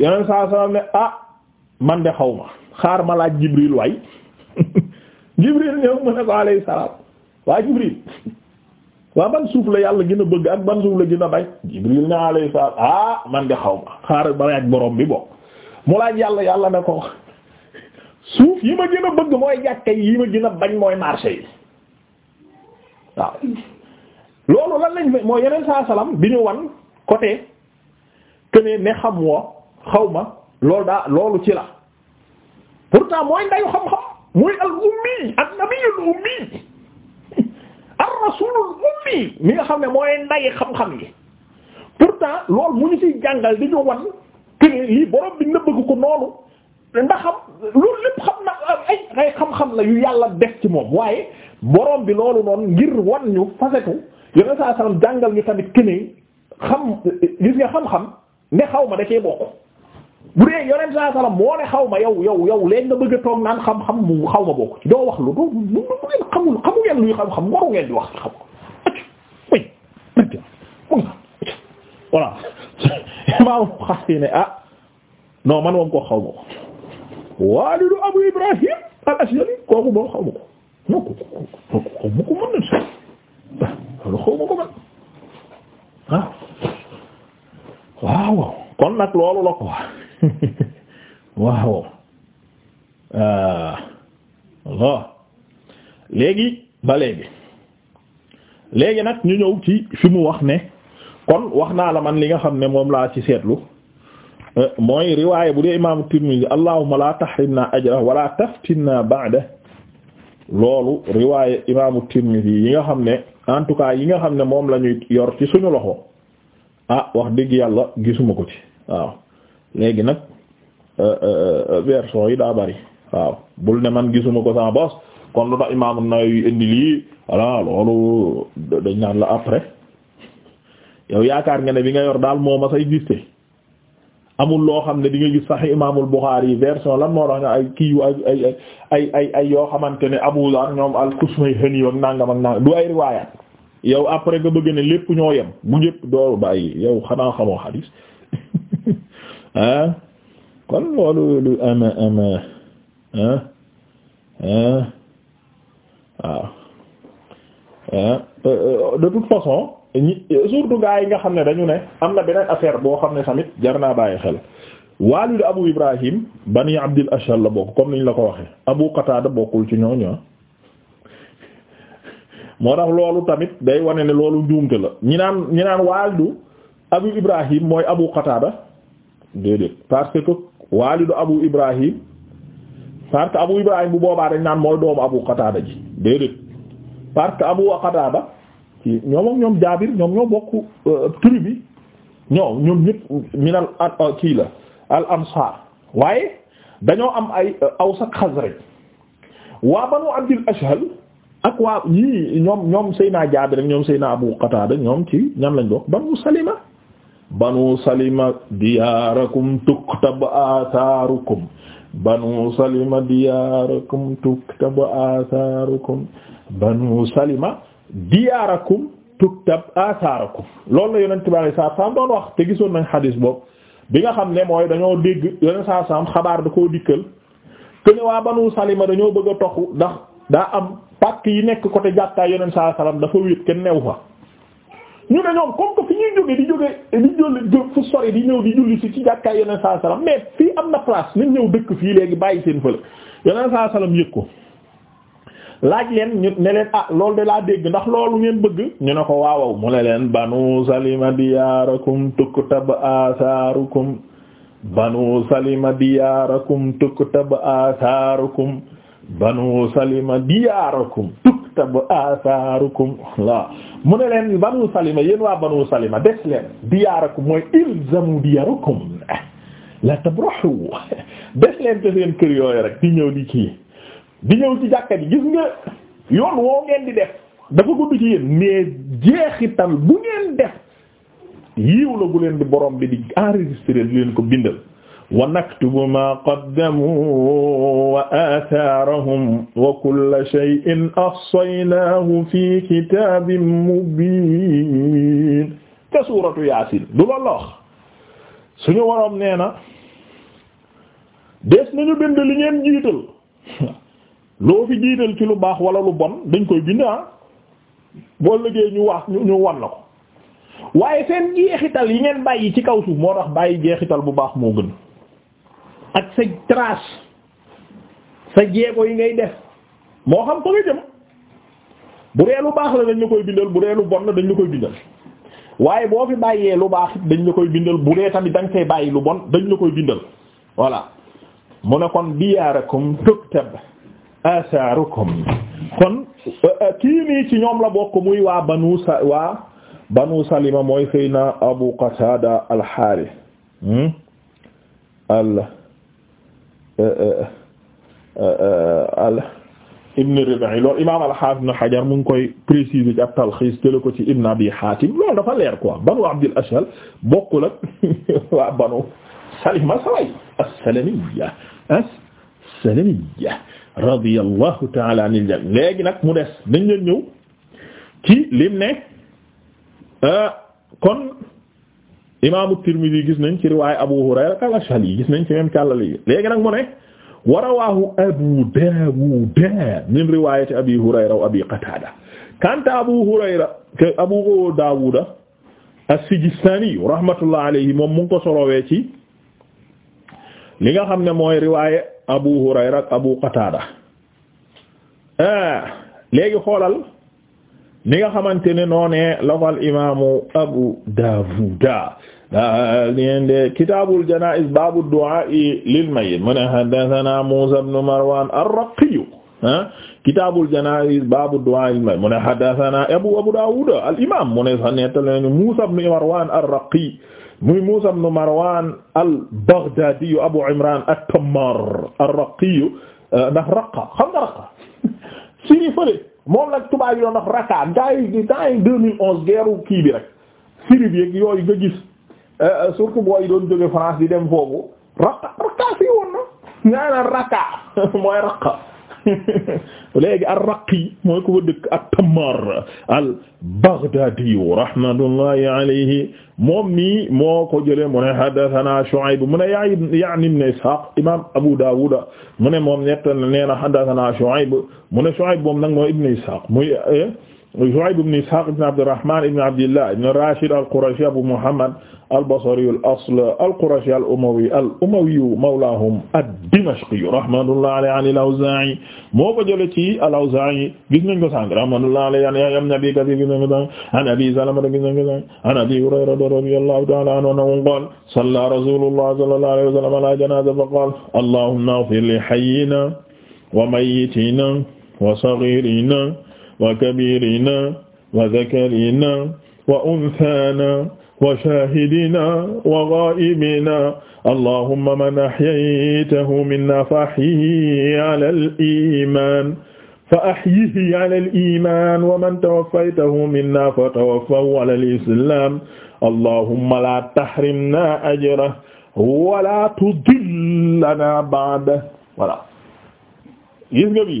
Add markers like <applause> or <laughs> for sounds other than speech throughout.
yeneen saa salaam ne ah man de xaw ma xaar ma laaj Jibril waay <laughs> Jibril ñëw mu ne ko alayhi salaam waa Jibril waa ban suuf la yàlla gën a bëgg ak ban suuf la gën bañ Jibril ne alayhi salaam ah man de xaw ma xaar ba laaj borom bi bo mu laaj yàlla yàlla ne ko <laughs> suuf yi ma gën a bëgg mooy jàkka yi ma gën a bañ mooy marché yi waaw loolu lan lañ mooy yeneen saa salaam bi ñu wan côté que ne xam woo xaw ma loolu daal loolu ci la pourtant mooy ndayu xam-xam mooy al ummi an nabiyul ummi <laughs> ar rasulul ummi mi nga xam ne mooy ndayi xam-xam yi pourtant loolu mu ñu ciy jàngal di ñu wan que lii borom bi nëbb ko noonu ndaxam loolu lépp xam na ay xam-xam la yu yàlla def ci moom waaye boroom bi loolu noonu ngir wan ñu fasetu yeneen saa salaam jàngal ñu tamit keneen xam gis nga xam-xam ne xaw ma da cee bokk. bu dee yonent saa salaam moo ne xaw ma yow yow yow léegi nga bëgg a toog naan xam-xam mu xaw ma bokk ci doo wax lu doo lu ngeen xamul xamu ngeen luy xam-xam waru ngeen di wax xam voilà <laughs> imaamu Buxaari ne ah non man moom koo xaw ma ko waalidu Abu Ibrahim al-Ashjali kooku moom xaw ma ko non ko xaw ma ko mën na xaw ma ko man ah. waaw waaw kon nag loolu la ko <laughs> waaw euh, léegi ba léegi léegi nag ñu ñëw ci fi mu wax ne kon wax naa la man li nga xam ne moom laa ci seetlu euh, mooy riwaaye bu dee imaamu Tirmidhi allahumma la tahrimna ajra wala taftinna ba'da loolu riwaaya imaamu Tirmidhi yi nga xam ne en tout cas yi nga xam ne moom la ñuy yor ci suñu loxo a ah, wax dëgg yàlla gisuma ko ci waaw léegi nag euh, euh, euh, version yi daa bari waaw bul ne man gisuma ko sama bos kon lu tax imaam An-Nawawi indi lii voilà loolu dañ naan la après yow yaakaar nga ne bi nga yor daal moom a say giste amul loo xam ne di nga gis sax imaamul Bukhari version lan moo tax nga ay kii yu ay ay ay yoo xamante ne Abu Zar ñoom al-Kushmayhani ak nangam ak nangam du ay riwaayaat yow après nga bëgg ne lépp ñoo yem bu ñëpp dooru bàyyi yow xanaa xamoo xadiis ah kon loolu lu ama ama ah ah de toute façon surtout gaa yi nga xam ne dañu ne am na beneen affaire boo xam ne tamit jar naa bàyyi xel waalidu Abu Ibrahim bani Abdil Ashal la bokk comme niñ la ko waxe Abu Qatada bokkul ci ñooñu ah moo tax loolu tamit day wane ne loolu njuumte la ñi naan ñi naan waalidu Abu Ibrahim mooy Abu Qatada. déedéet parce que waalidu abu ibrahim parce que abu ibrahim bu boobaa dañ naan mooy doomu abu qataada ji déedéet parce que abu qataada ci ñoom ak ñoom jaabir ñoom bokk euh, tribu bi ñoom ñoom ñëpp minal euh, kii la al ansaar waaye dañoo am ay euh, aws ak xasraj waa banu abdil ashhal ak waa ñii ñoom ñoom seyna jaabir ak ñoom seyna abu qataada ñoom ci ñan lañ bokk banu salima banu salima diyaarakum tuktab athaarukum banu salima diyaarakum tuktab athaarukum banu salima diyaarakum tuktab athaarukum loolu la yonent bi alayhi salaam doon wax te gisoon nañ xadiis boobu bi nga xam ne mooy dañoo dégg yonent salaam xabaar da koo dikkal te ne waa banu salima dañoo bëgg a toxu ndax daa am pàkk yi nekk côté jàkkaay yeneen salaam dafa wéet kenn new fa ñu ne ñoom comme que fi ñuy jóge di jóge di jólle fu sori di ñëw di julli si ci jàkkaay yeneen saa salaam mais fii am na place nañ ñëw dëkk fii léegi bàyyi seen fële yeneen saa salaam yëg ko laaj leen ñu ne leen ah loolu de laa dégg ndax loolu ngeen bëgg ñu ne ko waawaw mu ne leen banu salima diyaarakum tuktab athaarukum banu salima diyaarakum tuktab athaarukum banu salima diyaarakum tuktab athaarukum la mu ne leen banu salima yéen waa banu salima des leen diyaarakum mooy ilzamu diyaarakum la tabrahu des leen te seen kër yooyu rek di ñëw di ci di ñëw ci jàkka ji gis nga yoon woo ngeen di def dafa gudd ci yéen mais jeexital bu ngeen def yiiw la bu leen di borom bi di enregistrer leen ko bindal wa naktubu maa qaddamuu wa aathaarahum wa kulla shay'in ahsaynaahu fi kitaabin mubiin te suuratu yaasin du loolu la wax suñu waroom nee na des nañu bind li ngeen jiital loo fi jiital ci lu baax wala lu bon dañ koy bind ah boo liggéey ñu wax ñu wan la ko waaye seen jeexital yi ngeen bàyyi ci kaw suuf moo tax bàyyi jeexital bu baax moo gën sa sa jeego yi ngay def moo xam ko nga jëm bu dee lu baax la dañ la koy bindal bu dee lu bon la dañ la koy bindal waaye boo fi bàyyee lu baax dañ la koy bindal bu dee tamit da nga fay bàyyi lu bon dañ la koy bindal voilà mu ne kon diyaarakum tuktab asaarukum kon euh, euh, kii nii ci ñoom la bokk muy waa banu sa waa banu salima mooy sëy na abu qatada hmm? al harith al Euh, euh, euh, al Ibn Rib'i loolu imaam al-Haafiz Ibn Hajar mu ngi koy préciser ci at-Talxiis jëlee ko ci Ibn Abi Haatim loolu dafa leer quoi Banu Abdil Ashhal bokkul ak <laughs> waa Banu Salima saway as-Salamiyya as-Salamiyya radiyallahu ta'ala anil jami léegi nag mu des nañ leen ñëw ci lim ne kon. imaamu Tirmidhi gis nañ ci riwaay Abu Hurayra al-Ashhali gis nañ ci même kàllal yi léegi nag mu ne wa rawaahu Abu Dawud min riwaayati Abi Hurayra wa Abi Qatada kanta Abu Hurayra ke Abu Dawud as-Sijistani rahmatullah alayhi moom mu ngi ko solowee ci li nga xam ne mooy riwaaye Abu Hurayra ak Abu Qatada ah, léegi xoolal ni nga xamante ne noone lafal imaamu Abu Daawuda linde kitaabul janaa'iz baabu du'aa'i lil mayyit mu ne haddathanaa Muusaa ibn Marwaan ar-Raqi kitaabul janaa'iz baabu du'aa'i lil mayyit mu ne haddathanaa Abu Abu Daawuda al imaam mu ne sax nettali nañu Muusaa ibn Marwaan ar-Raqi muy Muusaa ibn Marwaan al-Baghdaadi Abu Imraan at-Tammaar ar-Raqi ndax raqa xam nga raqa <laughs> moom la tubaab yi doon wax ay gaa yi di temps yi deux mille kii bi rek Syrie bi yooyu nga gis euh, euh, surtout booy doon jóge France di dem foofu raka raka fi woon na ñaa naan raka <laughs> mooy raka <laughs> léegi ar-Raqi mooy ku fa dëkk at-Tammar al-Baghdadi rahmatullahi alayhi moom mi moo ko jëlee mu ne haddathana Shu'ayb mu ne ya'ni ibn Ishaq imam Abu Dawud mu ne moom ñett nee na haddathana Shu'ayb mu ne Shu'ayb moom nag mooy ibn Ishaq muy eh, Shu'ayb ibn Ishaq ibn Abdurrahman ibn Abdillah ibn Rashid al-Qurashi Abu Muhammad al-Basri al-asl al-Qurashi al-Umawi al-Umawi mawlahum ad-Dimashqi rahmatullahi alayhi an al-Awza'i moo ko jëlee ci al-Awza'i gis nañ ko sànq rahmatullahi alayhi am na bi gis nañ ko sànq an Abi Salama gis nañ ko sànq an Abi Hurayra radiyallahu ta'ala anhu annahu qala salla rasulullah sallallahu alayhi wa sallam ala janaza fa qala allahumma ighfir li hayyina wa mayyitina wa saghirina wa kabirina wa zakarina wa unthana wa shahidina wa ghaibina allahumma man ahyaytahu minna fa ahyihi ala al-iman fa ahyihi ala al-iman wa man tawaffaytahu minna fa tawaffahu ala al-islam allahumma la tahrimna ajrahu wa la tudillana ba'dahu voilà gis nga bi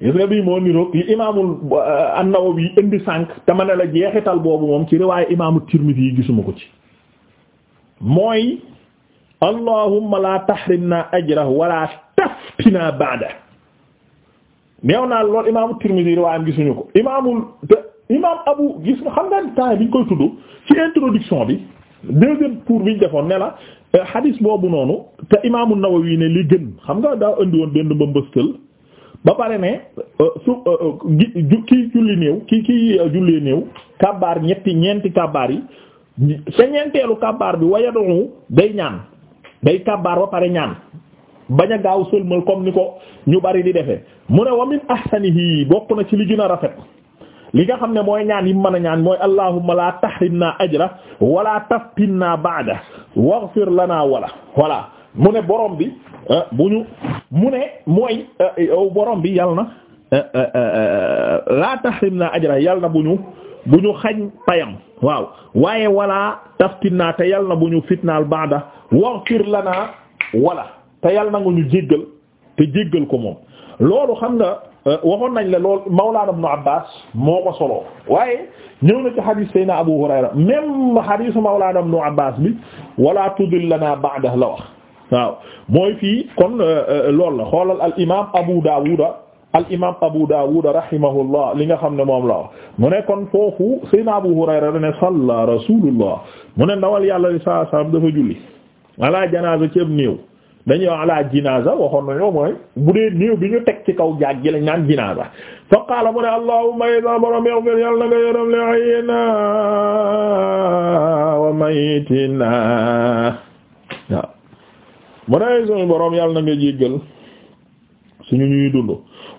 gis moo niroog li imaamul uh, an-Nawawi indi sànq te ma ne la jeexital boobu moom ci riwaaye imaamu Tirmidhi yi gisuma ko ci mooy allahumma la tahrimna ajrahu wala taftina ba'da neew naa lool imaamu Tirmidhi riwaayam gisuñu ko imaamul te imaam Abu gis nga xam nga temps biñ koy tudd ci introduction bi deuxième cours biñ defoon ne la uh, hadis boobu noonu te imaamu Nawawi ne li gën xam nga daa indi woon benn mbëmbëstal ba pare ne euh, su euh, euh, julli néew kii kii jullee néew kabaar ñetti ñeenti kabaar yi sa ñeenteelu kabaar bi wayadonu day ñaan day kabaar ba pare ñaan bañ a gaaw sëlmal comme ni ko ñu bari di defee mu ne wa min ahsanihi bokk na ci li gën a rafet li nga xam ne mooy ñaan yi mën a ñaan mooy allahumma la tahrimna ajra wala taftinna ba'da waghfir lana wala voilà mu ne borom bi Euh, bu ñu mu ne mooy euh, yow borom bi yal na euh, laa tahrim naa ajra yal na bu ñu bu xañ tayam waaw waaye wala taftinna te yal na bu ñu fitnaal baada waghfir lana wala te yal na nga ñu jéggal te jéggal ko moom loolu xam nga waxoon nañ la lool Mawlana Ibn Abbas moo ko soloo waaye ñëw na ci xadiis Seydina Abu Hurayra même xadiisu Mawlana Ibn Abbas bi wala tudil lana baada la wax waaw mooy fii kon euh, euh, loolu la xoolal al imaam Abu Daawuda al Abu Daawuda rahimahullah li nga xam ne moom la mu ne kon foofu Seydina Abu mu ne ndawal yàlla li saa salaam dafa julli ala janaaza ci ab néew dañuy jinaaza waxoon nañoo mooy bu dee néew bi ñu teg ci kaw jaag gi lañ naan jinaaza fa qaala mu ne allahumma ya borom yaghfir yàlla na nga yërëm li hayyina wa mu ne suñu boroom yàlla na nga ñuy dund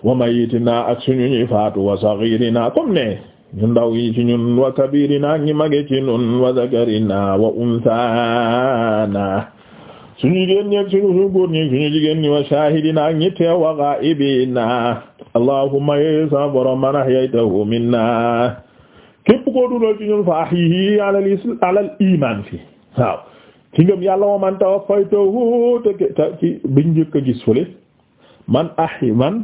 wa mayitinaa ak suñu ñuy wa saghirinaa comme ne ñu ndaw wa kabirinaa ak ñi mage ci wa zakarinaa wa unsaanaa suñu jigéen ñi ak suñu góor ñi suñu wa shahidinaa ak wa ghaibinaa allahumma sa boroom man ahyaytahu minnaa képp koo dundal fi ci ngëm yàlla wa man tawaffaytahu te ci biñ njëkk a gis fële man ahyi man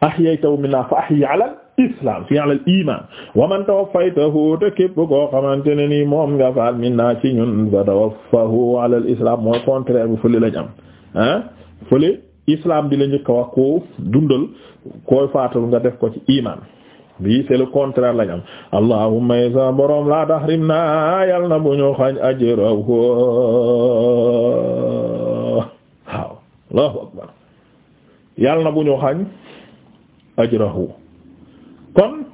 ahyaytahu minna fa ahyi ala islam fi ala iman wa man tawaffaytahu te képp koo xamante ne moom nga faat minna ci ñun fa tawaffahu ala islam mooy contraire bu fële lañ am ah fële islam di la njëkk a wax koo dundal kooy faatal nga def ko ci iman bi c'est le contraire lañ am allahumma isa borom la tahrimna yal na bu ñu xañ ajrahu waaw allahu akbar yal na bu ñu xañ ajrahu kon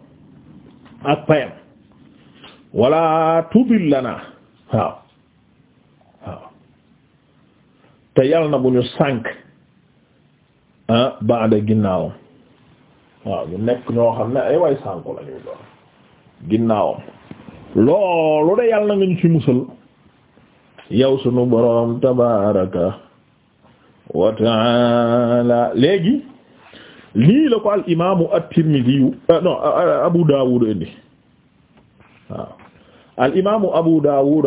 ak payam wala tudillana waaw waaw te yal na bu ñu sànk ah baada ginnaawam waaw ñu nekk ñoo xam ne ay way sànku la ñuy doon ginnaawam loolu yàlla nga ñu ci musal yow sunu boroom tabaraka wa taala léegi lii la ko al imaamu euh, Abu Dawud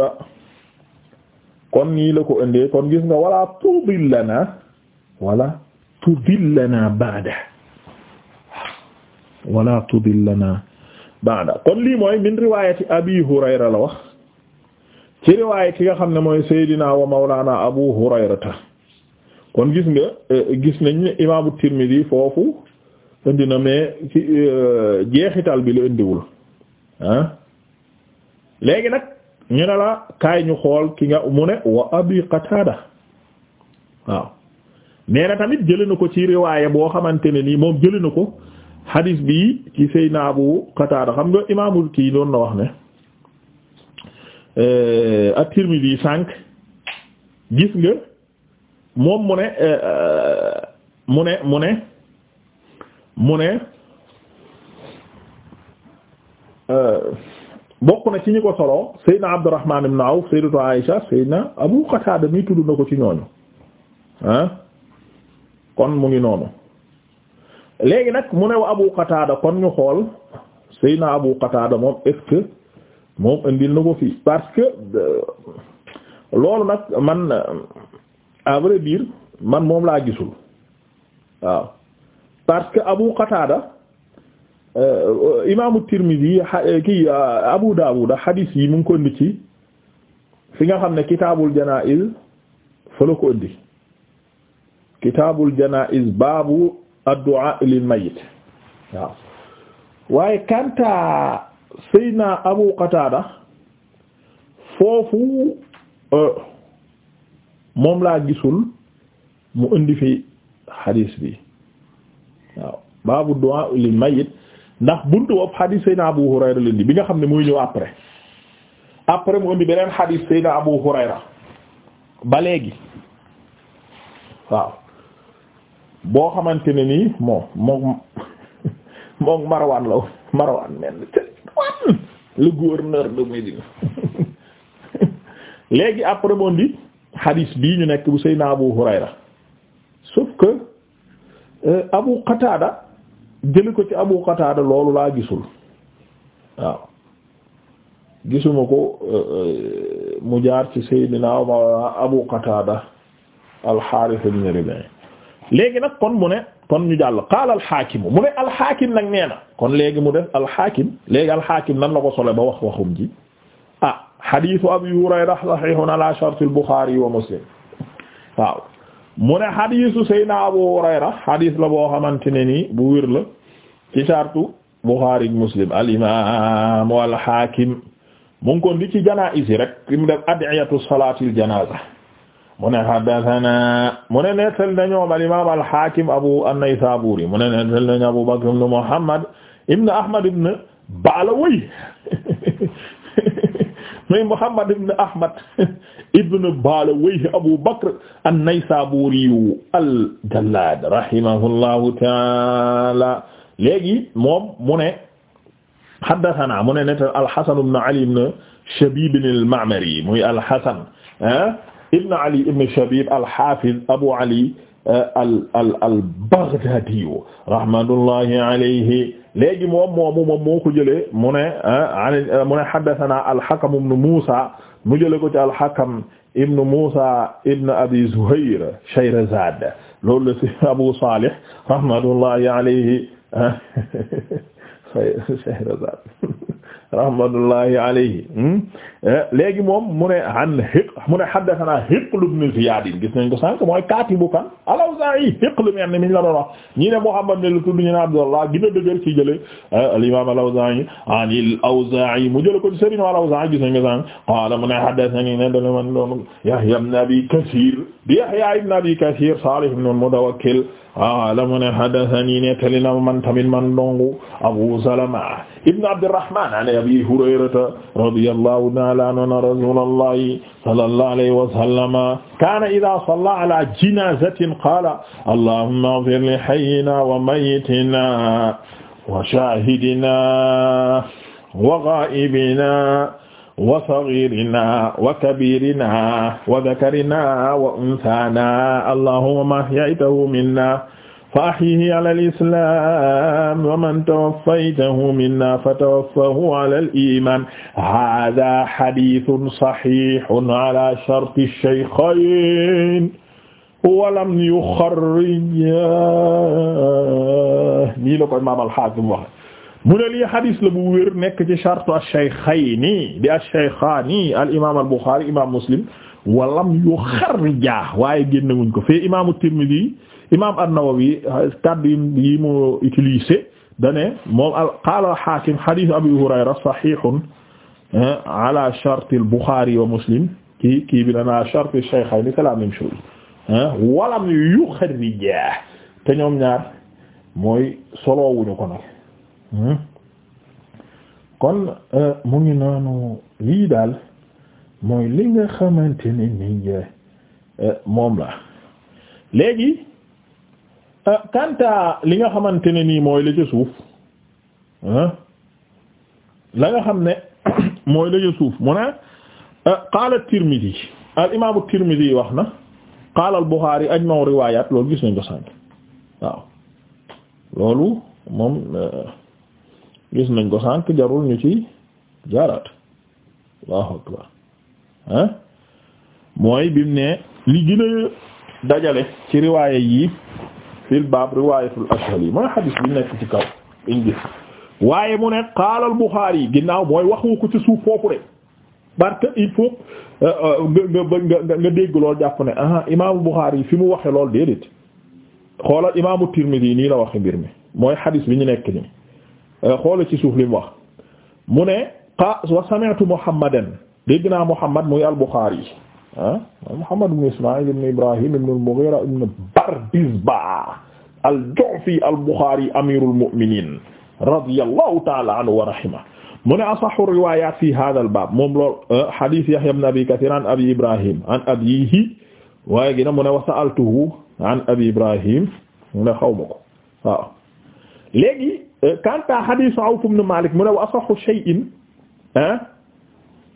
kon nii la ko indee kon gis nga wala tudillana wala tudillana ba'da wala tudillana ba'da kon lii mooy min riwaayati abi hurayra la wax ci riwaaya ki nga xam ne mooy seydina wa mawlana abu hurayrata kon gis nga eh, gis nañ ne imaamu tirmidi foofu indi na mais ci eh, jeexital bi la indiwul ah léegi nag ñu ne la kaay ñu xool ki nga mu ne wa abi qatada waaw nee tamit jëli na ko ci riwaaya boo xamante ne nii moom jëli na ko hadis bi ci Seyna bu Qatada xam nga imaamul kii doon na wax ne eh, at-Tirmidhi sànq gis nga moom mu ne eh, mu ne mu ne mu ne eh, bokk na ci ñi ko solo Seyna Abdurrahman ibn Awf Sayyidatu Aisha Seyna Abu Qatada mi tudd na ko ci ñooñu ah kon mu ngi noonu. léegi nag mu ne wa Abu Qatada kon ñu xool Seydina Abu Qatada moom est moom indil na ko fii parce que euh, loolu nag man euh, à vrai dire man moom laa gisul waaw parce que Abu Qatada euh, imaamu Tirmidhi kii Abu Dawud hadith yi mu ngi ko indi ci fi nga xam ne kitaabul janaiz fa la ko indi kitaabul janaiz baabu ad-du'a lil mayyit waaw waaye Abu Qatada foofu euh, moom laa gisul mu indi fi xadiis bi waaw baabu du'a lil mayyit ndax buntu bopp xadiis Seydina Abu Hurayra leen di bi nga xam ne muy ñëw après après mu indi beneen xadiis Seydina Abu Hurayra ba léegi waaw boo xamante ne nii moom moom <laughs> moom Marwan la woon Marwan mel de Médine <laughs> léegi après moom di bii ñu nekk bu Seydina Abu Hurayra sauf que euh, Abu Qatada jëli ko ci Abu Qatada loolu laa gisul waaw gisuma ko euh, euh, mu jaar ci Seydina Abu Qatada al-Harith ibn Rabi' léegi nag kon mu ne kon ñu jàll qaala alxaakim mu ne alxaakim nag nee kon léegi mu def alxaakim léegi alxaakim nan la ko sole ba wax waxum ji ah xadiisu abi hurayra saxiixun ala sharti albuxaari wa muslim waaw mu ne xadiisu sayna abu hurayra xadiis la boo xamante ne nii bu wér la ci shartu buxaari muslim al imaamu alxaakim mu ngi kon di ci janaa'iz rek mu def ad'iyatu janaaza mu ne haddathana mu ne nettal nañoom al-imam al-Hakim Abu an-Naysaburi mu ne nettal nañu Abu Bakr ibn Muhammad ibn Ahmad ibn Balawayh <laughs> muy Muhammad ibn Ahmad <laughs> ibn Balawayh Abu Bakr an-Naysaburi al-Jallad rahimahullahu ta'ala léegi moom mu ne haddathana mu ne nettal al-Hasan ibn Ali ibn Shabib al-Ma'mari muy al-Hasan ah, ibn ali ibn shabib al-hafiz abu ali euh, al al al baghdadi rahmatullahi alayhi léegi moom moomu moom moo ko jëlee mu ne ah, mu ne haddathana al-hakam ibn musa mu jëlee ko ci al-hakam ibn musa ibn abi zuhayr shayrazad loolu la ci abu salih rahmatullahi alayhi Shahrazad rahmatullahi alayhi hmm? eh, léegi moom mu ne an hiq mu ne haddathana Hiql ibn Ziyad gis nañ ko sànq mooy katibu kan al-Awza'i Hiql mel ni mi ñu la doon wax ñii ne Muhammad ne la tudd ñu ne Abdullah gën a dëgër ci jële eh, al-imam al-Awza'i an al-Awza'i mu jële ko sëriñ al-Awza'i gis nañ ko sànq qala mu ne haddathani ne dana man loonu Yahya ibn Abi Kathir bi Yahya ibn Abi Kathir Salih ibn al-Mutawakkil waaw la mu ne hadathani nettali na man tamit man dongu Abu Salama ibn Abdurrahman an Abi Hurayrata radiyallahu ta'ala anhu anna rasulallahi sallallahu alayhi wa sallama kana idha salla ala janazatin qala allahumma ighfir li hayyina wa mayyitina wa shahidina wa ghaibina wa saghirina wa kabirina wa dhakarina wa unthana allahumma man ahyaytahu minna fa ahyihi ala al-islam wa man tawaffaytahu minna fatawaffahu ala al-iman hadha hadithun sahihun ala sharti ash-shaykhayn walam yukharrija nii la ko imaam al-Hakim wax mu ne lii hadis la bu wér nekk ci shartu ash-shaykhayni di a shaykhani al imaam imaam muslim walam yu waaye génnewuñ ko fee imaamu tirmidi imaam an-nawawi kaddu yi mu utilisé da ne moom al qaala xaakim hadis abi hurayra saxiixun eh, ala sharti al kii bi danaa sharti ash eh, walam yu xarja te ñoom ñaar solo soloowuñu ko nag. Hmm? kon euh, mu ngi noonu lii daal mooy li nga xamante ne ni euh, moom la léegi euh, kanta li nga xamante ne nii mooy la ca la nga xam ne <coughs> mooy la ca suuf mu ne qaala Tirmidhi al imaamu Tirmidhi wax na qaala al Bukhari ajma'u riwaayaat loolu gis nañ ko sànq waaw loolu moom. gis nañ ko sànq jarul ñu ci jaaraat allahu akbar ah mooy bimu ne li gën a dajale ci riwaaya yi fi baab riwaayatul ashhali mooy xadis bi nekk ci kaw biñ gis waaye mu ne qaala al Buxaari yi ginnaaw mooy waxu ko ci suuf foofu de que il faut euh, euh, nga nga nga dégg lool jàpp ne ah imaamu Buxaari yi fi mu waxe lool déedéet xoolal imaamu Tirmidi yi nii la waxe mbir mi mooy xadis bi ñu nekk nii Euh, xoola ci suuf li mu wax mu ne qa wa sami'tu muhammadan dégg naa muhammad muy al-Bukhari yi ah muhammad ibn ismail ibn ibrahim ibn al-Mughira ibn Bardizbah al-Ju'fi al-Bukhari amirul mu'minin radiyallahu ta'ala anhu wa rahima mu ne asahhu riwayat fi hadha al-bab moom lool euh, hadith Yahya ibn Abi Kathir an abi ibrahim an abihi waaye gi na mu ne wa sa'altuhu an abi ibrahim mu ne xawma ko waaw léegi kanta euh, hadisu Awf ibn Malik mu ne wa asahu shay'in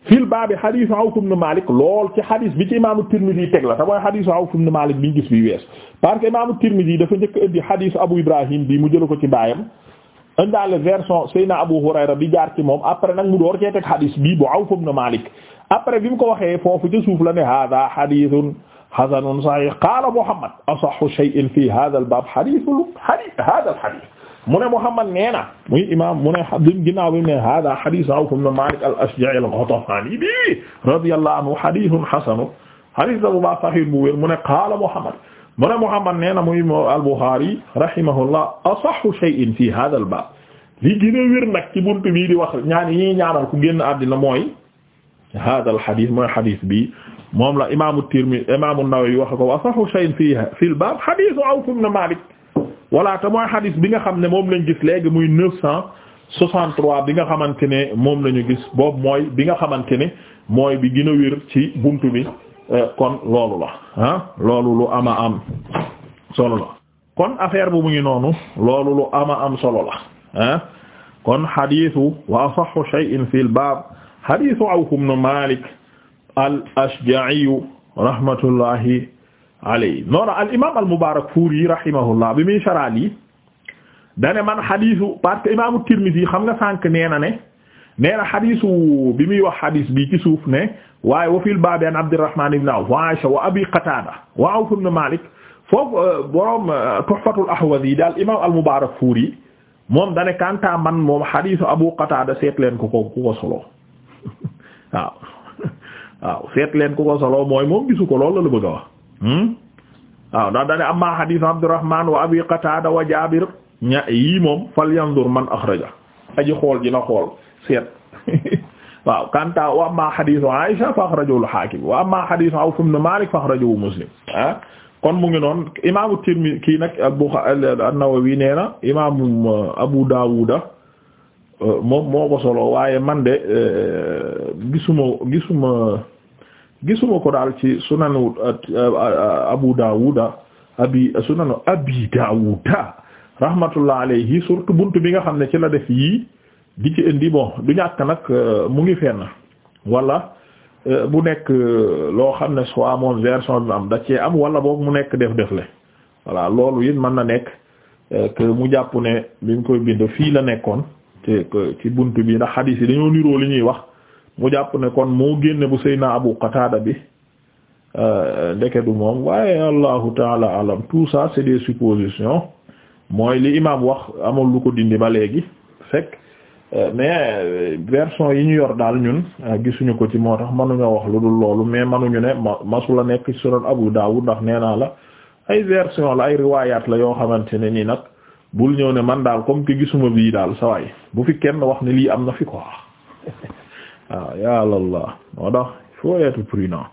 fil baabi hadisu Awf ibn Malik lool ci hadis bi ci imaamu Tirmidhi teg la te mooy hadisu Awf ibn Malik biñ gis bi wees parce que imaamu Tirmidhi dafa njëkk a indi hadisu Abu Ibrahim bi mu jëla ko ci baayam indaale version Seyna Abu Hurayra bi jaar ci moom après nag mu door cee teg hadis bi bu Awf ibn Malik après bi mu ko waxee foofu ca suuf la ne hada hadithun hasanun sahih qala Muhammad asahu shay'in fi hadha al-bab hadithul hadith hadha mu ne Muhammad nee na muy imam mu ne ginnaaw bi ne hada hadith Awf ibn Malik al-Ashja'i al-Ghatafani bi radiyallahu anhu hadithun hasan hadith bu baax sahih bu wér mu ne qaala Muhammad mu ne Muhammad nee na muy al-Bukhari rahimahullah asahhu shay'in fi hada al-bab li gën a wér nag ci buntu bii di wax ñaan yi ñuy ñaanal ku génn àddina mooy hada al-hadith mooy hadith bi moom la imam at-Tirmidhi imam an-Nawawi wax ko asahhu shay'in fi fi al-bab hadith Awf ibn Malik voilà te mooy xadis bi nga xam ne moom lañ gis léegi muy neuf cent soixante bi nga xamante ne moom la ñu gis boobu mooy bi nga xamante ne mooy bi gën a wér ci buntu bi euh, kon loolu la ah loolu lu ama am solo la kon affaire bu mu noonu loolu lu ama am solo la ah kon xadisu wa asaxu shay'in fi l baab xadisu Awf ibn Malik al Ashja'i rahmatullahi alay noonu al imaam al mubaarak fuuri rahimahullah bi muy saraal yi dane man xadiisu parce que imaamu tirmisi nga sànq nee na ne nee na bi muy wax xadiis bi ci suuf ne waaye wa fil baabi an abdirahman ibn awf wa wa abi qataada wa awf ibn malik foofu euh, boroom euh, tuhfatul ahwazi daal imaam al fuuri moom dane kanta man moom xadiisu abu qataada seet leen ko ko ku ko solo <laughs> waaw <laughs> waaw seet leen ku ko solo mooy moom gisu ko loolu la bëgg a Hmm? waaw ndax dane amma hadith Abdurrahman wa abi Qatada wa Jabir ña yii moom fal yanzur man akhraja aji xool dina xool seet <laughs> waaw kanta wa amma hadith Aisha fa akhrajahu al wa amma hadith Awf ibn Malik fa akhrajahu Muslim kon mu ngi noon imaamu Tirmidhi kii nag an-Nawawi nee imaamu uh, Abu Dawuda uh, moom moo ko waaye man de uh, gisuma gisuma gisuma ko daal ci sunanu uh, Abu Daawuda abi uh, sunanu Abi Daawuda rahmatullah alayhi surtout bunt bi nga xam ne ci la def yii di ci indi bon du ñàkk nag uh, mu ngi fenn wala bu nekk loo xam ne soit moom version bi am da cee am wala boog mu nekk def def le voilà loolu it mën na nekk que mu jàpp ne bi ñu koy bind fii la nekkoon te ci bunt bi ndax xadiis yi dañoo niroo li ñuy wax mu jàpp ne kon moo génne bu naa Abu Qatada bi euh, ndeke du moom waaye allahu taala alam tout ça c'est des suppositions mooy li imam wax amul lu ko dindi ba léegi fekk euh, mais euh, version yi ñu yor daal ñun gisuñu ko ci moo tax mënuñoo wax lu dul loolu mais mënuñu ne ma masula nekk sunan Abu Dawud ndax nee naa la ay version la ay riwaayaat la yoo xamante ne nii nag bul ñëw ne man daal comme que gisuma bii daal sawaay bu fi kenn wax ne lii am na fi quoi <laughs> waaw ah, yàlla la moo tax il faut être prudent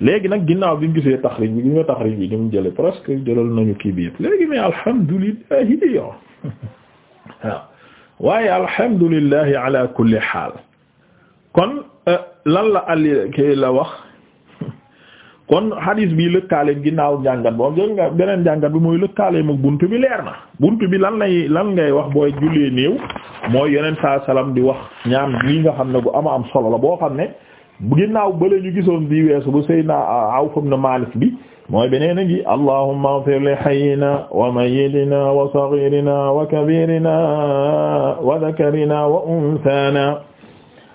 léegi nag ginnaaw bi ñu gisee taxrij bi ñu nga taxrij bi ñu mu jële presque jëlal nañu kii bi léegi mais alhamdulillahi <laughs> yo waaw ah. waaye alhamdulillahi ala kulli xaal kon euh, lan la ali kii la wax kon hadis bii lëkkaaleem ginnaaw njàngat boobu jël nga beneen njàngat bi mooy lëkkaaleem ak buntu bi leer na buntu bi lan lay lan ngay wax booy jullee néew mooy yeneen saa salaam di wax ñaan lii nga xam ne bu ama am solo la boo xam ne ginnaaw ba ñu gisoon bii weesu bu Seydina Awf ibn Malik bi mooy beneen a ngi allahumma ighfir li hayyina wa mayyitina wa saghirina wa kabirina wa dhakarina wa unthana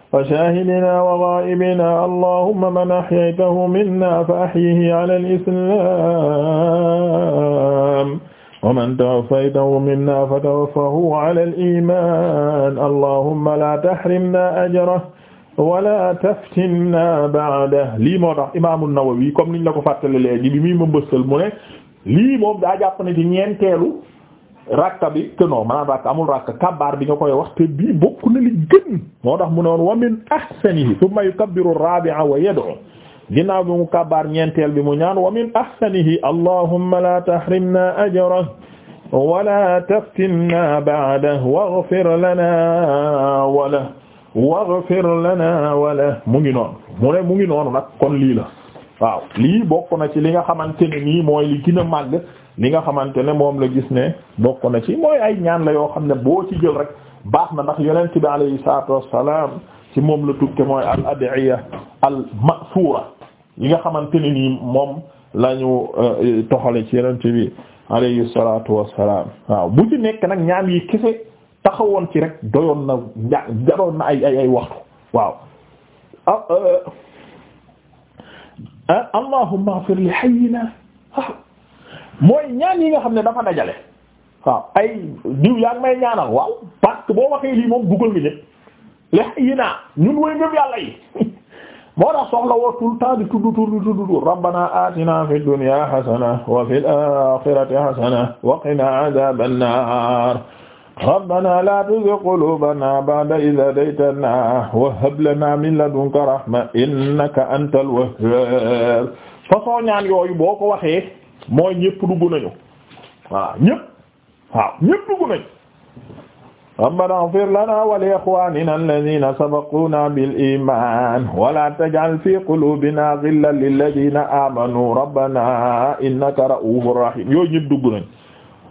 wa shaahidinaa wa ghaa'ibinaa allahumma man ahyaytahu minnaa fa ahyihi alal islaam wa man tawaffaytahu minnaa fa tawaffahu alal iimaan allahumma laa tahrimnaa ajrahu wa laa taftinnaa ba'dahu lii moo tax imaamu Nawawi comme niñ la ko fàttali léegi bi muy mëmbëstal mu ne lii moom daa jàpp ne ci ñeenteelu rakka bi que non maanaam rakka amul rakka kabbaar bi nga koy wax te bii bokk na moo tax mu ne woon wa min ahsanihi ginnaaw mu kabbaar ñeenteel bi mu ñaan wa min ahsanihi allahumma la tahrimna ajrahu wa la taftinna ba'dahu waghfir lana wa lana wa mu ngi noonu mu ne mu ngi noonu nag kon lii la waaw lii bokk na ci li nga xamante ne nii mooy li a màgg li nga xamante ne moom la gis ne bokk na ci mooy ay ñaan la yoo xam ne boo ci jël rek baax na ndax yonent bi alayhi salaatu wassalaam ci moom la tukke mooy al nga xamante ne moom la ñu euh, toxale ci yonent bi alayhi salaatu wassalaam waaw bu ci nekk nag ñaan yi kese taxawoon ci rek doyoon na ja jaroon na ay ay waxtu waaw ah, euh, ah allahumma ighfir li hayyina waaw ah, mooy ñaan yi nga xam ne dafa dajale waaw ay diw yaa may ñaanal waaw parce que boo moom dugal nga ñëpp lex yi naa ñun woy ngëm yàlla yi moo tax soxla woo tout le temps di tudd tudd tudd fi dunya hasana wa fil akhirati hasana wa qina adhaban nar rabbana la tuzigh qulubana ba'da idh hadaytana wa hab lana min ladunka rahma innaka antal wahhab façon ñaan yooyu boo ko waxee mooy ñépp dugg nañu waaw ñépp waaw ñépp dugg nañu rabbana ighfir lana wa li ikhwanina alladhina sabaquna bil iman wa la taj'al fi qulubina ghillan lil ladhina amanu rabbana innaka ra'ufur rahim yooyu ñépp dugg nañu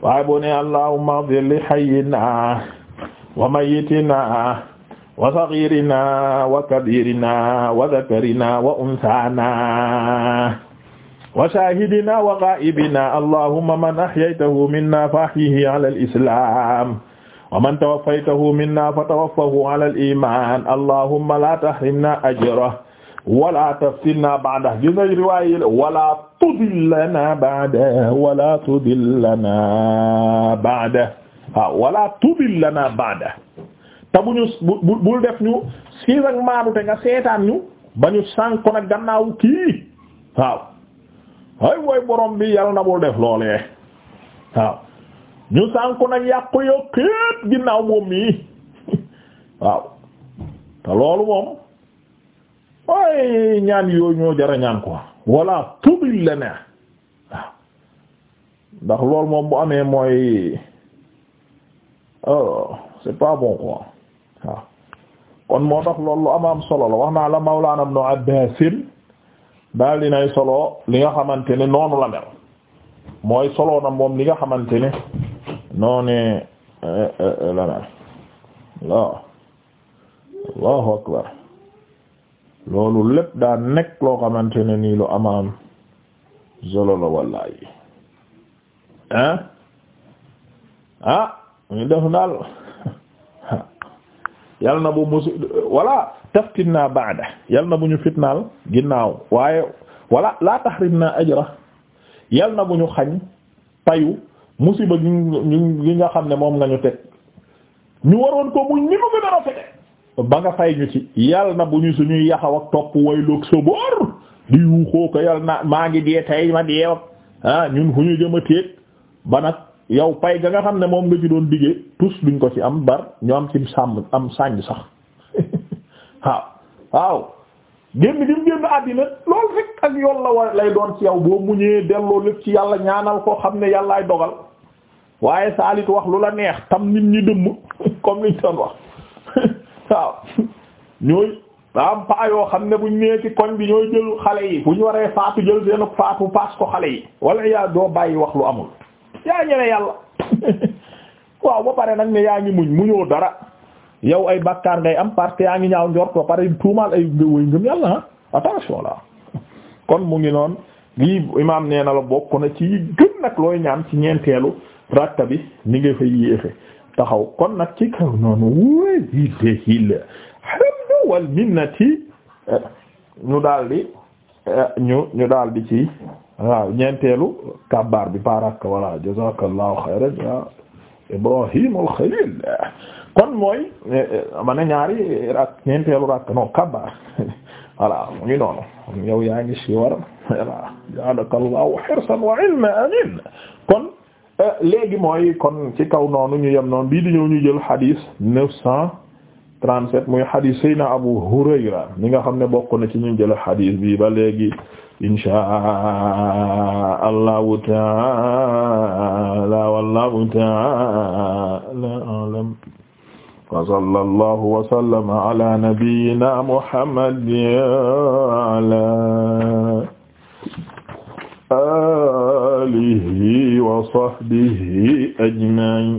waaye boo ne allahumma ighfir li hayyina wa mayyitina wa saghirina wa kabirina wa dhakarina wa unsana wa shahidina wa ghaibina allahumma man ahyaytahu minna fa ahyihi ala al-islam wa man tawaffaytahu minna fa tawaffahu ala al-iman allahumma la tahrimna ajrahu wala taftinna ba'dahu gis nga riwaay yi wala tudillana ba'dahu wala tudillana ba'dahu waaw wala tudillana ba'dahu te bu ñu bu bul def ñu si ak maadu te nga seetaan ñu ba ñu sànq nag gannaaw kii waaw. ay woy borom bi yàlla na bul def loolee waaw ñu sànku nag yàqu yokkéet ginnaaw moom mii <laughs> waaw te loolu moom ay ñaan yooyu ñoo jara ñaan ko walla tubil la ne ndax loolu moom bu amee mooy oh c'est pas bon quoi waaw kon moo tax loolu lu am solo la wax naa la Mawlana Ibn Abbas daal dinay solo li nga xamante ne noonu la mel mooy solo na moom li nga xamante ne noone eh, eh, eh, la mel waaw akbar loolu lépp daa nekk loo xamante ne nii lu amaam solo la wallahi ah ah ñu def daal yal na bu musi wala na ba'da yal na bu ñu fitnaal ginnaaw waaye wala laa tahrimna ajra yal na bu ñu xañ payu musiba gi nga xam ne moom nga ñu teg ñu waroon ko muñ ni mu gën a rafete ba nga fay ñu ci yal na bu ñu suñuy yaxaw ak topp wayloog sobor di yuuxoo ko yal na maa ngi dee tay ma dee ah ñun fu ñu jëma téeg yow pay ga nga xam ne moom nga ci doon diggee tous duñ ko ci am bar ñu am ci sàmm am sànj sax <laughs> waaw waaw génn gi mu génn àddina loolu rek ak yoon la wa lay doon ci yow boo muñee delloo lépp ci yàlla ñaanal ko xam ne yàllaay dogal waaye saalit wax lu la neex tam nit ñi dëmm <laughs> comme liñ doon wax <laughs> waaw ñooy am paa xam ne buñ nee ci koñ bi ñooy jël xale yi bu ñu waree faatu jël seen faatu paas ko xale yi wala yaa doo bàyyi wax lu amul yaa ñeme yàlla <laughs> waaw ba pare nag ne yaa ngi muñ muñoo dara yow ay bakkaar ngay am part yaa ngi ñaaw njort ba pare tuumaal ay ngëwëy ngëm yàlla ah attention la <laughs> kon mu ngi noonu lii imaam nee na la bokk na ci gën nag looy ñaan ci ñeenteelu rakka bi ni nga fay yéexe taxaw kon nag ci kaw noonu walillaahil hamdu wal minnati eh, ñu daal eh, ñu ñu daal ci waaw ñeenteelu kabbar bi baraka wala jazakallahu xayran ya Ibrahim al-Khalil kon mooy eh, eh, ma ñaari rak ñeenteelu rak non kabbar <laughs> voilà mu ngi noonu yow yaa ngi si war voilà jaalakallahu xirsan wa amin kon eh, léegi mooy kon ci kaw noonu ñu yem noon bii di ñëw ñu jël hadis neuf 37 muy hadis Seydina Abu Hurayra mi nga xam ne bokk na ci ñu jël hadis bi ba léegi inshaa Allahu ta'ala wallahu ta'ala a'lam wa sallallahu wa sallama ala nabiyyina Muhammadin wa ala alihi wa sahbihi ajma'in